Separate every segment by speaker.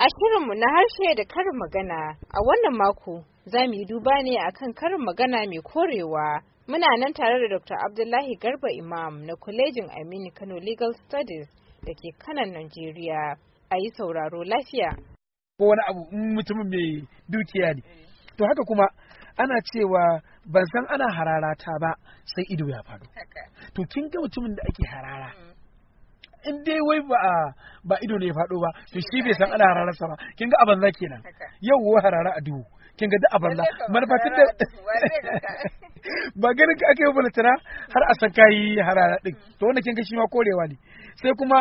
Speaker 1: A shirinmu na harshe da karin magana a wannan mako za mu yi duba ne akan karin magana mai korewa. Muna nan tare da Dr. Abdullahi Garba Imam na Kwalejin Aminu Kano Legal Studies da ke kanan Najeriya. A yi sauraro lafiya.
Speaker 2: Ko wani abu mutumin mai dukiya ne. To haka kuma ana cewa ban san ana hararata ba sai ido ya faru. To kin ga mutumin da ake harara. Mm. in dai wai ba ba ido ne ya faɗo ba to shi bai san ana harararsa sa ba kin ga abanza kenan yau wa harara a duhu kin ga duk abanza manufatin da ba ganin ka aka yi har a san kayi harara din mm. to wannan kin ga shi ma korewa ne sai kuma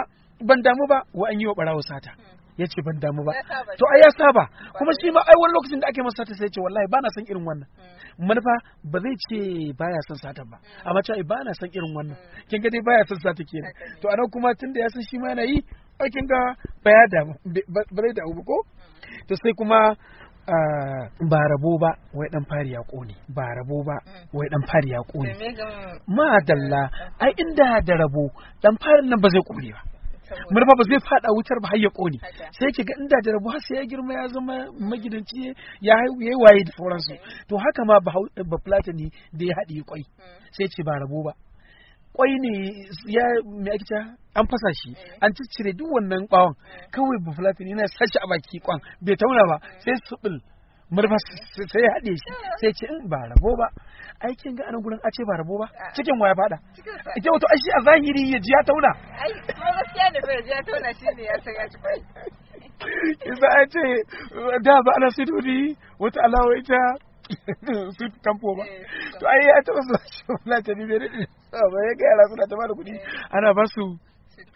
Speaker 2: ban damu ba wa an yi wa barawo sata mm. ya ce ban damu ba to ai ya saba kuma shi ma ai wani lokacin da ake masa sata sai ya ce wallahi ba na son irin wannan hmm. manufa ba zai ce ba ya son sata ba hmm. amma cewa ba na son irin wannan hmm. kin ga dai ya son sata kenan to anan kuma tunda ya san shi ma yana yi kin ga ba ya damu ba zai damu ba ko to sai kuma ah, ba rabo ba wai dan fari ya kone ba rabo ba wai dan fari ya kone madalla ai inda da rabo dan farin nan ba zai kone ba murfa ba zai fada wutar ba har ya kone sai ki ga inda jarabu har sai ya girma ya zama magidanci ya yi waye da sauransu to haka ma ba platani da ya haɗe kwai hmm. sai ce ba rabo ba kwai ne ya me ake an fasa shi hmm. an ciccire duk wannan kwawon hmm. kawai ba platani yana sace a baki kwan bai tauna ba sai subil murfa sai ya haɗe shi sai ce ba rabo ba aikin ah. ga anan gurin a ce ba rabo ba cikin waya fada ita wato ai a zahiri ya ji ya tauna
Speaker 1: gaskiya da tona shi ne ya san ya ci
Speaker 2: bai ce da ba ana siduri wata alawa ita su kamfo ba eh, to ai ya taba su wala ta ni ba ya ga suna ta bada kuɗi eh. ana ba su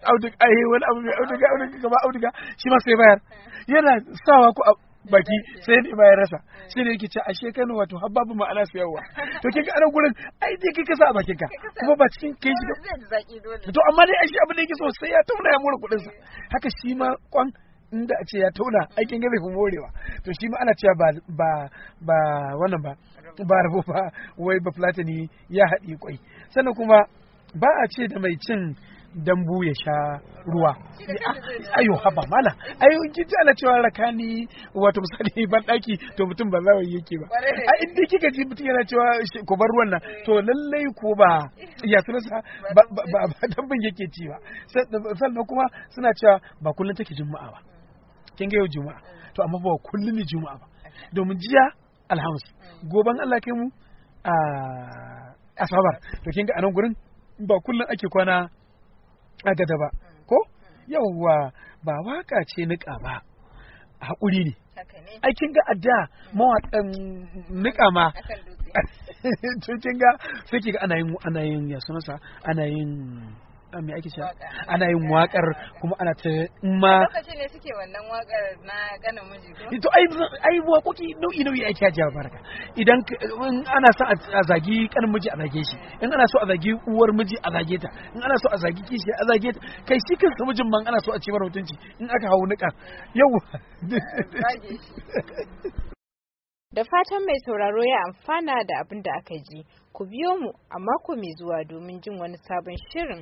Speaker 2: auduga ai eh, wani abu mai auduga auduga auduga shi ma sai bayar yana sawa ku baki sai ne ba ya rasa shi ne yake ce a shekaru wato har babu ma'ana su yawa to kika ana gurin ai dai kika sa a bakin ka kuma ba cikin kai shi
Speaker 3: to amma dai shi abin
Speaker 2: da yake so sai ya tauna ya mura kuɗin sa haka shi ma kwan inda a ce ya tauna aikin gabe fi morewa to shi ma ana cewa ba ba ba wannan ba ba rabo ba wai ba platani ya haɗi kwai sannan kuma ba a ce da mai cin dambu ya sha ruwa ayo haba mala ayo kinji ala cewa rakani wato misali ban daki to mutum ba zai yake ba a inda kika ji mutum yana cewa ku bar ruwan nan to lallai ko ba ya sa ba dambun yake ci ba sannan kuma suna cewa ba kullum take juma'a ba kin ga yau juma'a to amma ba kullum ne juma'a ba domin jiya alhamis goban Allah kai mu a ah, asabar to kin ga anan gurin ba kullum ake kwana tsagada ah, ba mm. ko mm. yawwa ba waka ce nika ba haƙuri ne aikin ga adda mm. mawaƙan nika ma tun kin ga sai ga ana yin ana yin ya sunansa ana yin me ake cewa ana yin wakar kuma ana ta ma
Speaker 1: lokacin ne suke wannan wakar na ganin miji to ai
Speaker 2: ai wakoki nau'i nau'i ake hajiya baraka idan ana so a zagi kanin miji a zage shi in ana so a zagi uwar miji a zage ta in ana so a zagi kishi a zage ta kai shi kansa mijin man ana so a ci mara mutunci in aka hawo nika yau
Speaker 1: da fatan mai sauraro ya amfana da abin da aka ji ku biyo mu a mako mai zuwa domin jin wani sabon shirin